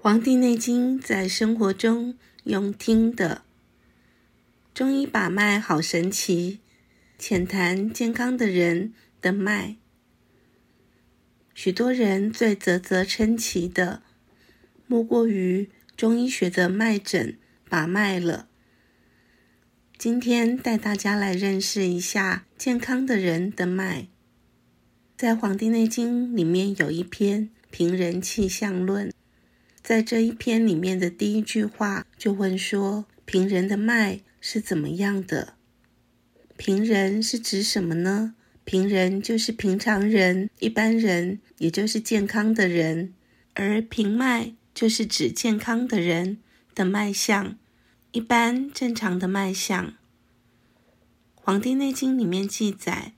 《黃帝內經》在生活中用聽的，中醫把脈好神奇。淺談健康的人的脈，許多人最嘖嘖稱奇的，莫過於中醫學的脈診把脈了。今天帶大家來認識一下健康的人的脈。在《黃帝內經》裡面有一篇《平人氣象論》。在這一篇裡面的第一句話就問說：“平人的脈是怎麼樣的？”平人是指什麼呢？平人就是平常人、一般人，也就是健康的人。而平脈就是指健康的人的脈象，一般正常的脈象。《黃帝內經》裡面記載，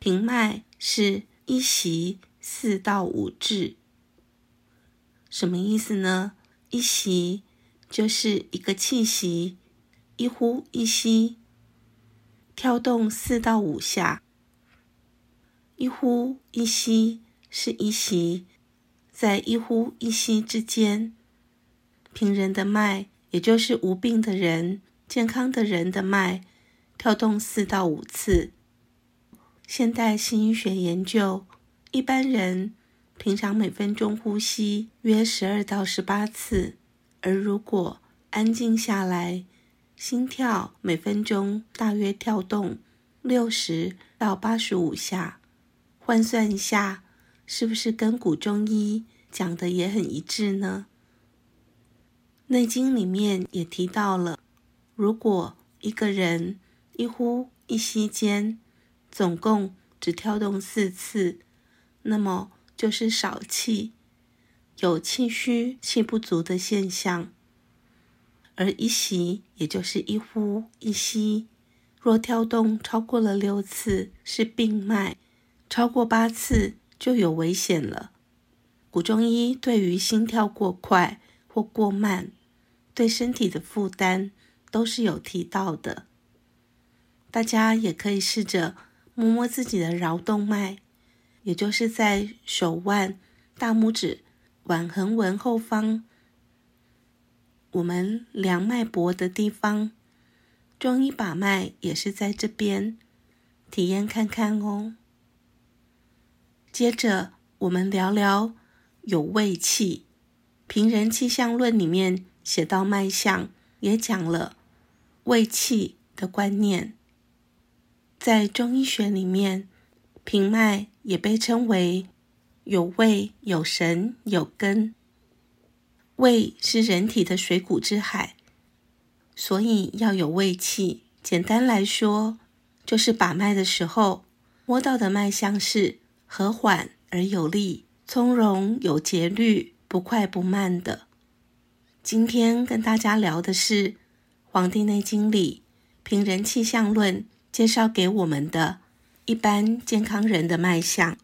平脈是一息四到五至。什麼意思呢？一息就是一個氣息，一呼一吸，跳動四到五下。一呼一吸是一息，在一呼一吸之間，平人的脈，也就是無病的人、健康的人的脈，跳動四到五次。現代西醫學研究，一般人。平常每分鐘呼吸約十二到十八次，而如果安靜下來，心跳每分鐘大約跳動六十到八十五下。換算一下，是不是跟古中醫講的也很一致呢？《內經》裡面也提到了，如果一個人一呼一吸間總共只跳動四次，那麼。就是少氣，有氣虛、氣不足的現象。而一息，也就是一呼一吸，若跳動超過了六次，是病脈，超過八次就有危險了。古中醫對於心跳過快或過慢，對身體的負擔都是有提到的，大家也可以試着摸摸自己的橈動脈。也就是在手腕大拇指腕橫紋後方，我們量脈搏的地方，中醫把脈也是在這邊，體驗看看哦。接着我們聊聊有胃氣，《平人氣象論》裡面寫到脈象，也講了胃氣的觀念，在中醫學裡面。平脈也被稱為有胃、有神、有根。胃是人體的水穀之海，所以要有胃氣。簡單來說，就是把脈的時候摸到的脈象是和緩而有力、從容有節律、不快不慢的。今天跟大家聊的是《黃帝內經》裡《平人氣象論》介紹給我們的。一般健康人的脈象。